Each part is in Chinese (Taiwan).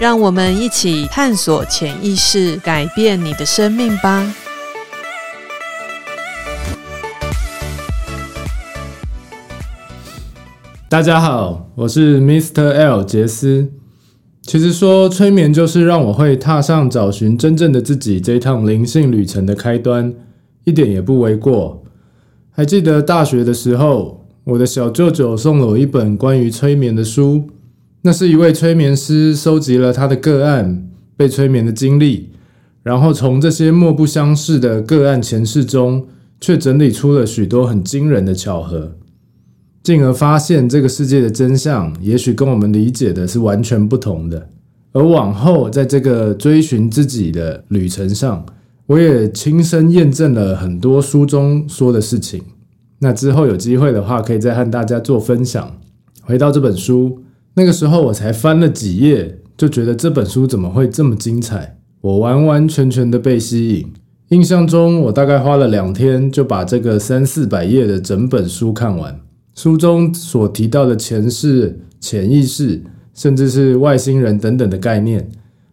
讓我們一起探索潛意識，改變你的生命吧！大家好，我是 Mister L 傑思。其實說，催眠就是讓我會踏上找尋真正的自己這一趟靈性旅程的開端，一點也不為過。還記得大學的時候，我的小舅舅送了我一本關於催眠的書。那是一位催眠師，收集了他的個案被催眠的經歷，然後從這些莫不相識的個案前世中，卻整理出了許多很驚人的巧合，進而發現這個世界的真相，也許跟我們理解的是完全不同的。而往後在這個追尋自己的旅程上，我也親身驗證了很多書中說的事情。那之後有機會的話，可以再和大家做分享。回到這本書。那個時候我才翻了幾頁，就覺得這本書怎麼會這麼精彩？我完完全全的被吸引。印象中，我大概花了兩天就把這個三四百頁的整本書看完。書中所提到的前世、潛意識，甚至是外星人等等的概念，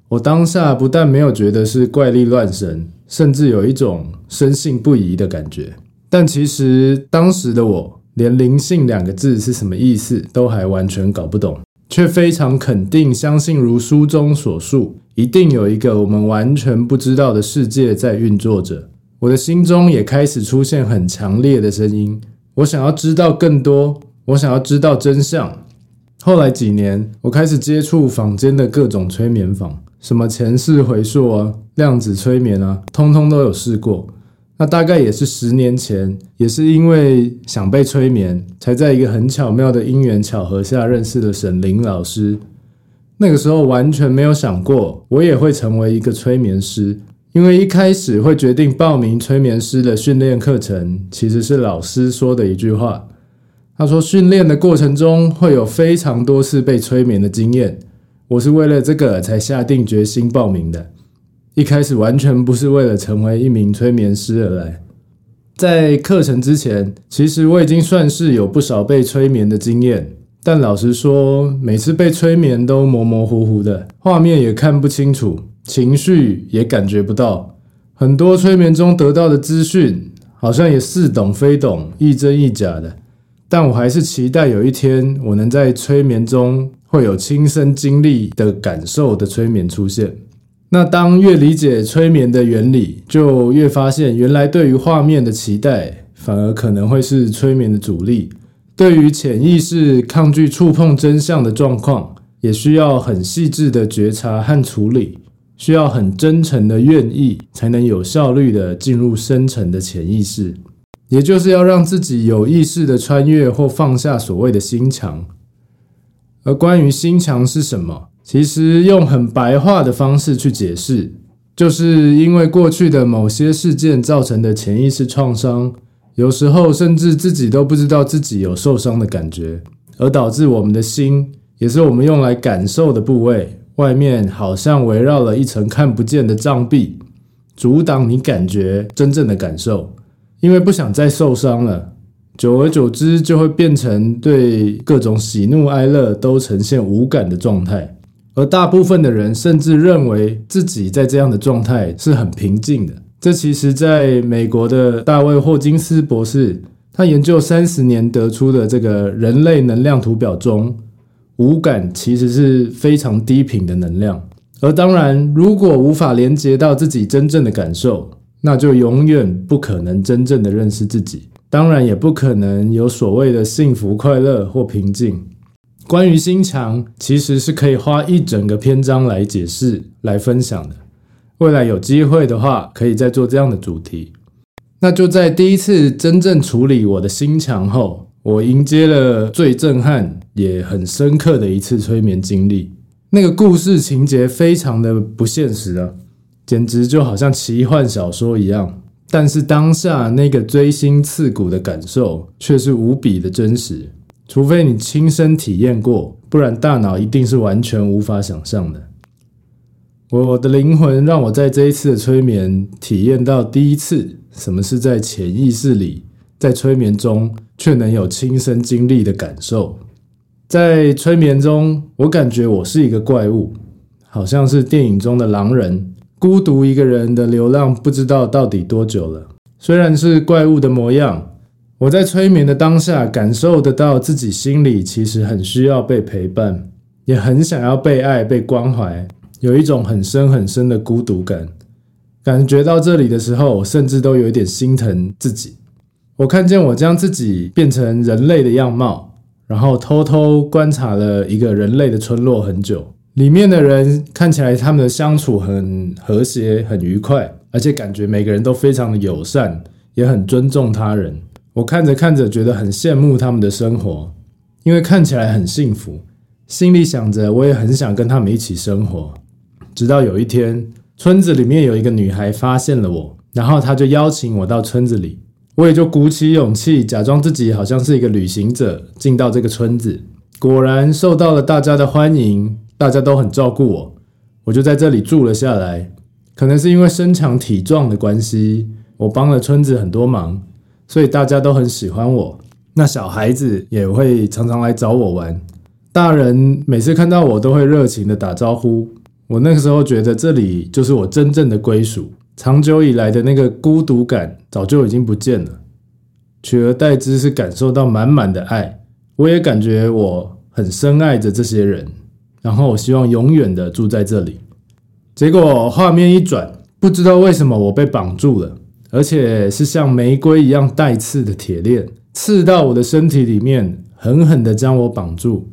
我當下不但沒有覺得是怪力亂神，甚至有一種深信不疑的感覺。但其實當時的我，連“靈性”兩個字是什麼意思，都還完全搞不懂。卻非常肯定，相信如書中所述，一定有一個我們完全不知道的世界在運作着。我的心中也開始出現很強烈的聲音，我想要知道更多，我想要知道真相。後來幾年，我開始接觸坊間的各種催眠坊，什麼前世回溯啊、量子催眠啊，通通都有試過。那大概也是十年前，也是因為想被催眠，才在一個很巧妙的因緣巧合下認識了沈伶老師。那個時候完全沒有想過我也會成為一個催眠師，因為一開始會決定報名催眠師的訓練課程，其實是老師說的一句話。他說：“訓練的過程中會有非常多次被催眠的經驗，我是為了這個才下定決心報名的。”一開始完全不是為了成為一名催眠師而來。在課程之前，其實我已經算是有不少被催眠的經驗，但老實說，每次被催眠都模模糊糊的，畫面也看不清楚，情緒也感覺不到。很多催眠中得到的資訊，好像也似懂非懂，亦真亦假的。但我還是期待有一天，我能在催眠中會有親身經歷的感受的催眠出現。那當越理解催眠的原理，就越發現，原來對於畫面的期待，反而可能會是催眠的阻力。對於潛意識抗拒觸，觸碰真相的狀況，也需要很細緻的覺察和處理，需要很真誠的願意，才能有效率的進入深層的潛意識。也就是要讓自己有意識的穿越或放下所謂的心牆。而關於心牆是什麼？其實用很白話的方式去解釋，就是因為過去的某些事件造成的潛意識創傷，有時候甚至自己都不知道自己有受傷的感覺，而導致我們的心，也是我們用來感受的部位，外面好像圍繞了一層看不見的障壁，阻擋你感覺真正的感受，因為不想再受傷了，久而久之就會變成對各種喜怒哀樂都呈現無感的狀態。而大部分的人甚至認為自己在這樣的狀態是很平靜的。這其實，在美國的大衛霍金斯博士，他研究三十年得出的這個人類能量圖表中，五感其實是非常低頻的能量。而當然，如果無法連接到自己真正的感受，那就永遠不可能真正的認識自己，當然也不可能有所謂的幸福、快樂或平靜。關於心牆，其實是可以花一整個篇章來解釋、來分享的。未來有機會的話，可以再做這樣的主題。那就在第一次真正處理我的心牆後，我迎接了最震撼、也很深刻的一次催眠經歷。那個故事情節非常的不現實啊，簡直就好像奇幻小說一樣。但是當下那個錐心刺骨的感受，卻是無比的真實。除非你親身體驗過，不然大腦一定是完全無法想象的。我的靈魂讓我在這一次的催眠體驗到第一次，什麼是在潛意識裡，在催眠中卻能有親身經歷的感受。在催眠中，我感覺我是一個怪物，好像是電影中的狼人，孤獨一個人的流浪，不知道到底多久了。雖然是怪物的模樣。我在催眠的當下，感受得到自己心裡其實很需要被陪伴，也很想要被愛、被關懷，有一種很深很深的孤獨感。感覺到這裡的時候，我甚至都有一點心疼自己。我看見我將自己變成人類的樣貌，然後偷偷觀察了一個人類的村落很久。裡面的人看起來他們的相處很和諧、很愉快，而且感覺每個人都非常的友善，也很尊重他人。我看着看着，覺得很羨慕他們的生活，因為看起來很幸福。心裡想着，我也很想跟他們一起生活。直到有一天，村子裡面有一個女孩發現了我，然後她就邀請我到村子裡。我也就鼓起勇氣，假裝自己好像是一個旅行者，進到這個村子。果然受到了大家的歡迎，大家都很照顧我，我就在這裡住了下來。可能是因為身強體壯的關係，我幫了村子很多忙。所以大家都很喜歡我，那小孩子也會常常來找我玩，大人每次看到我都會熱情的打招呼。我那個時候覺得這裡就是我真正的歸屬，長久以來的那個孤獨感早就已經不見了，取而代之是感受到滿滿的愛。我也感覺我很深愛着這些人，然後我希望永遠的住在這裡。結果畫面一轉，不知道為什麼我被綁住了。而且是像玫瑰一樣帶刺的鐵鏈，刺到我的身體裡面，狠狠的將我綁住。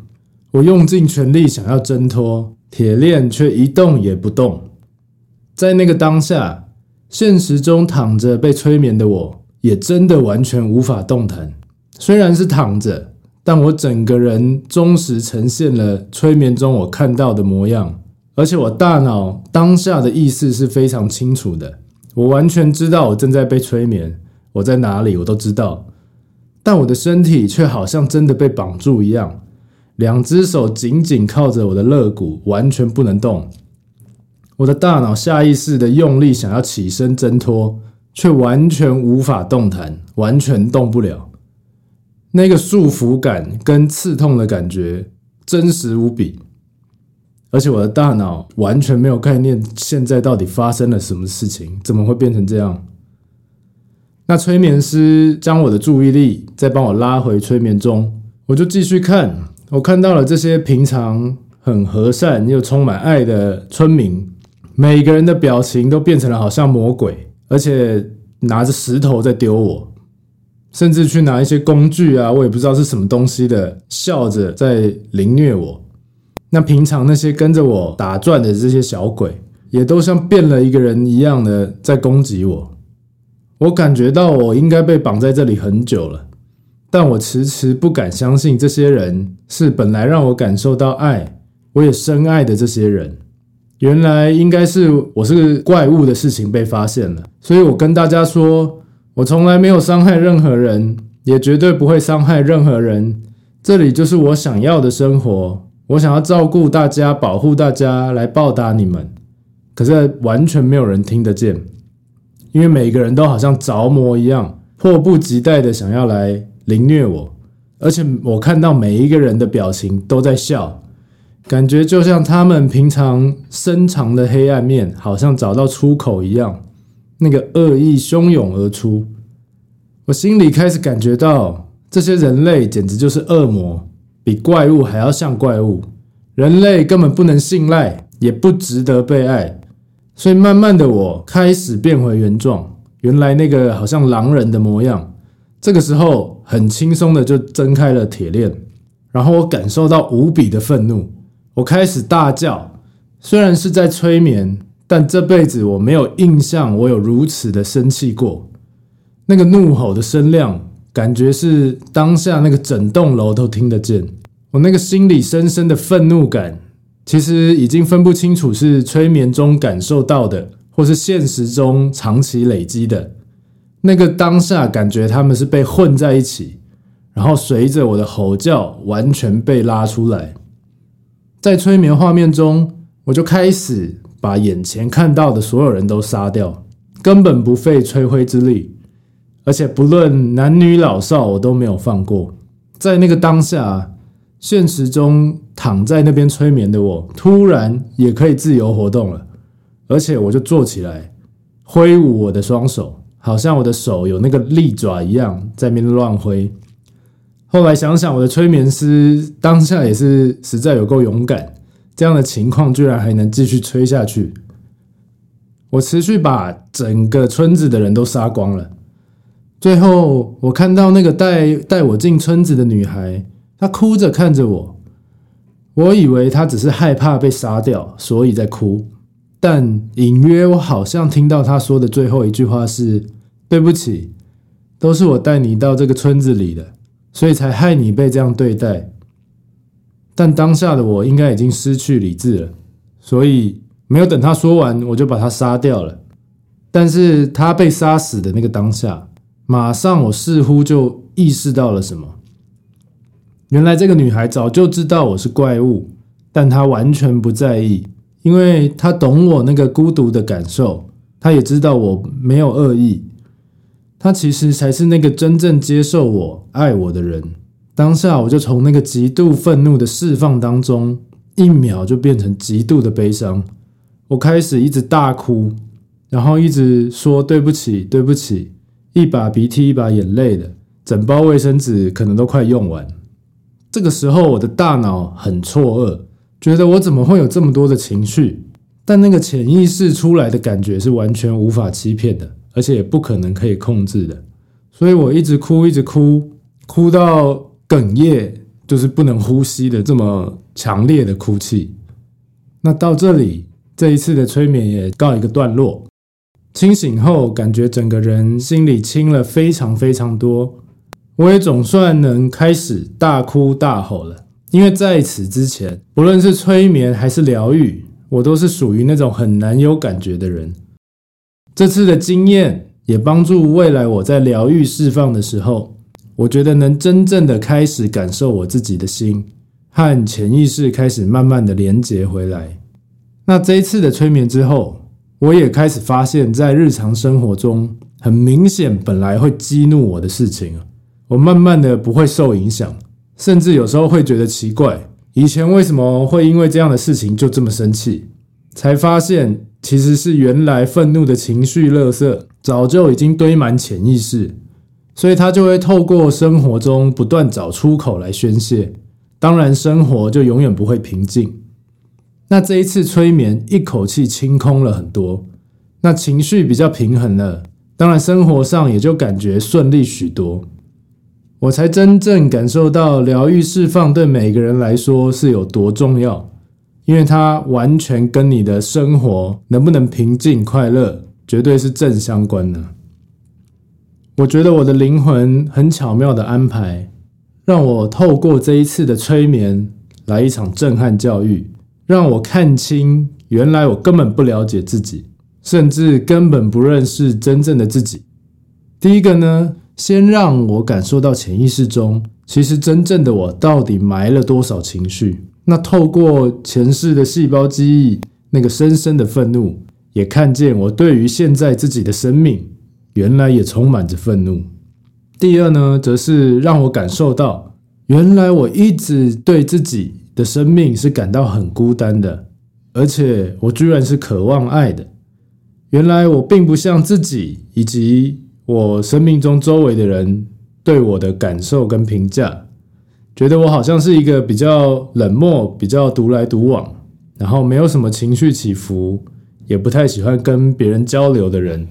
我用盡全力想要掙脫，鐵鏈卻一動也不動。在那個當下，現實中躺着被催眠的我，也真的完全無法動彈。雖然是躺着，但我整個人忠實呈現了催眠中我看到的模樣。而且我大腦當下的意識是非常清楚的。我完全知道我正在被催眠，我在哪裡我都知道，但我的身體卻好像真的被綁住一樣，兩隻手緊緊靠着我的肋骨，完全不能動。我的大腦下意識的用力想要起身掙脫，卻完全無法動彈，完全動不了。那個束縛感跟刺痛的感覺真實無比。而且我的大腦完全沒有概念，現在到底發生了什麼事情？怎麼會變成這樣？那催眠師將我的注意力再幫我拉回催眠中，我就繼續看。我看到了這些平常很和善又充滿愛的村民，每個人的表情都變成了好像魔鬼，而且拿着石頭在丟我，甚至去拿一些工具啊，我也不知道是什麼東西的，笑着在凌虐我。那平常那些跟着我打轉的這些小鬼，也都像變了一個人一樣的在攻擊我。我感覺到我應該被綁在這裡很久了，但我遲遲不敢相信，這些人是本來讓我感受到愛，我也深愛的這些人。原來應該是我是個怪物的事情被發現了，所以我跟大家說，我從來沒有傷害任何人，也絕對不會傷害任何人。這裡就是我想要的生活。我想要照顧大家，保護大家，來報答你們。可是完全沒有人聽得見，因為每個人都好像着魔一樣，迫不及待的想要來凌虐我。而且我看到每一個人的表情都在笑，感覺就像他們平常深藏的黑暗面，好像找到出口一樣，那個惡意洶湧而出。我心裡開始感覺到，這些人類簡直就是惡魔。比怪物還要像怪物，人類根本不能信賴，也不值得被愛。所以慢慢的，我開始變回原狀，原來那個好像狼人的模樣。這個時候，很輕鬆的就掙開了鐵鏈，然後我感受到無比的憤怒，我開始大叫。雖然是在催眠，但這輩子我沒有印象我有如此的生氣過。那個怒吼的聲量。感覺是當下那個整棟樓都聽得見，我那個心裡深深的憤怒感，其實已經分不清楚是催眠中感受到的，或是現實中長期累積的。那個當下感覺他們是被混在一起，然後隨着我的吼叫完全被拉出來。在催眠畫面中，我就開始把眼前看到的所有人都殺掉，根本不費吹灰之力。而且不論男女老少，我都沒有放過。在那個當下，現實中躺在那邊催眠的我，突然也可以自由活動了。而且我就坐起來，揮舞我的雙手，好像我的手有那個利爪一樣在那邊亂揮。後來想想，我的催眠師當下也是實在有夠勇敢，這樣的情況居然還能繼續催下去。我持續把整個村子的人都殺光了。最後，我看到那個帶帶我進村子的女孩，她哭着看着我。我以為她只是害怕被殺掉，所以在哭。但隱約，我好像聽到她說的最後一句話是：“對不起，都是我帶你到這個村子裡的，所以才害你被這樣對待。”但當下的我應該已經失去理智了，所以沒有等她說完，我就把她殺掉了。但是她被殺死的那個當下，馬上，我似乎就意識到了什麼。原來這個女孩早就知道我是怪物，但她完全不在意，因為她懂我那個孤獨的感受，她也知道我沒有惡意。她其實才是那個真正接受我、愛我的人。當下，我就從那個極度憤怒的釋放當中，一秒就變成極度的悲傷。我開始一直大哭，然後一直說對不起，對不起。一把鼻涕一把眼淚的，整包衛生紙可能都快用完。這個時候，我的大腦很錯愕，覺得我怎麼會有這麼多的情緒？但那個潛意識出來的感覺是完全無法欺騙的，而且也不可能可以控制的。所以我一直哭，一直哭，哭到哽咽，就是不能呼吸的這麼強烈的哭泣。那到這裡，這一次的催眠也告一個段落。清醒後，感覺整個人心裡輕了非常非常多，我也總算能開始大哭大吼了。因為在此之前，不論是催眠還是療癒，我都是屬於那種很難有感覺的人。這次的經驗也幫助未來我在療癒釋放的時候，我覺得能真正的開始感受我自己的心，和潛意識開始慢慢的連結回來。那這一次的催眠之後。我也開始發現，在日常生活中，很明顯本來會激怒我的事情，我慢慢的不會受影響，甚至有時候會覺得奇怪，以前為什麼會因為這樣的事情就這麼生氣？才發現其實是原來憤怒的情緒垃圾早就已經堆滿潛意識，所以他就會透過生活中不斷找出口來宣泄，當然生活就永遠不會平靜。那這一次催眠，一口氣清空了很多，那情緒比較平衡了，當然生活上也就感覺順利許多。我才真正感受到療癒釋放對每個人來說是有多重要，因為它完全跟你的生活能不能平靜快樂，絕對是正相關的。我覺得我的靈魂很巧妙的安排，讓我透過這一次的催眠，來一場震撼教育。讓我看清，原來我根本不了解自己，甚至根本不認識真正的自己。第一個呢，先讓我感受到潛意識中，其實真正的我到底埋了多少情緒。那透過前世的細胞記憶，那個深深的憤怒，也看見我對於現在自己的生命，原來也充滿着憤怒。第二呢，則是讓我感受到。原來我一直對自己的生命是感到很孤單的，而且我居然是渴望愛的。原來我並不像自己以及我生命中周圍的人對我的感受跟評價，覺得我好像是一個比較冷漠、比較獨來獨往，然後沒有什麼情緒起伏，也不太喜歡跟別人交流的人。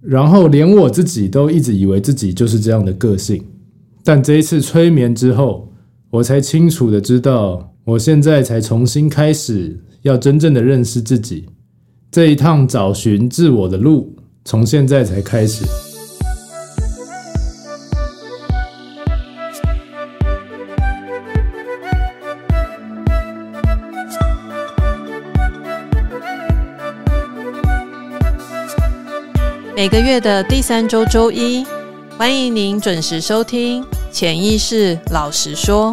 然後連我自己都一直以為自己就是這樣的個性。但這一次催眠之後，我才清楚的知道，我現在才重新開始，要真正的認識自己。這一趟找尋自我的路，從現在才開始。每個月的第三周周一。歡迎您準時收聽《潛意識老實說》。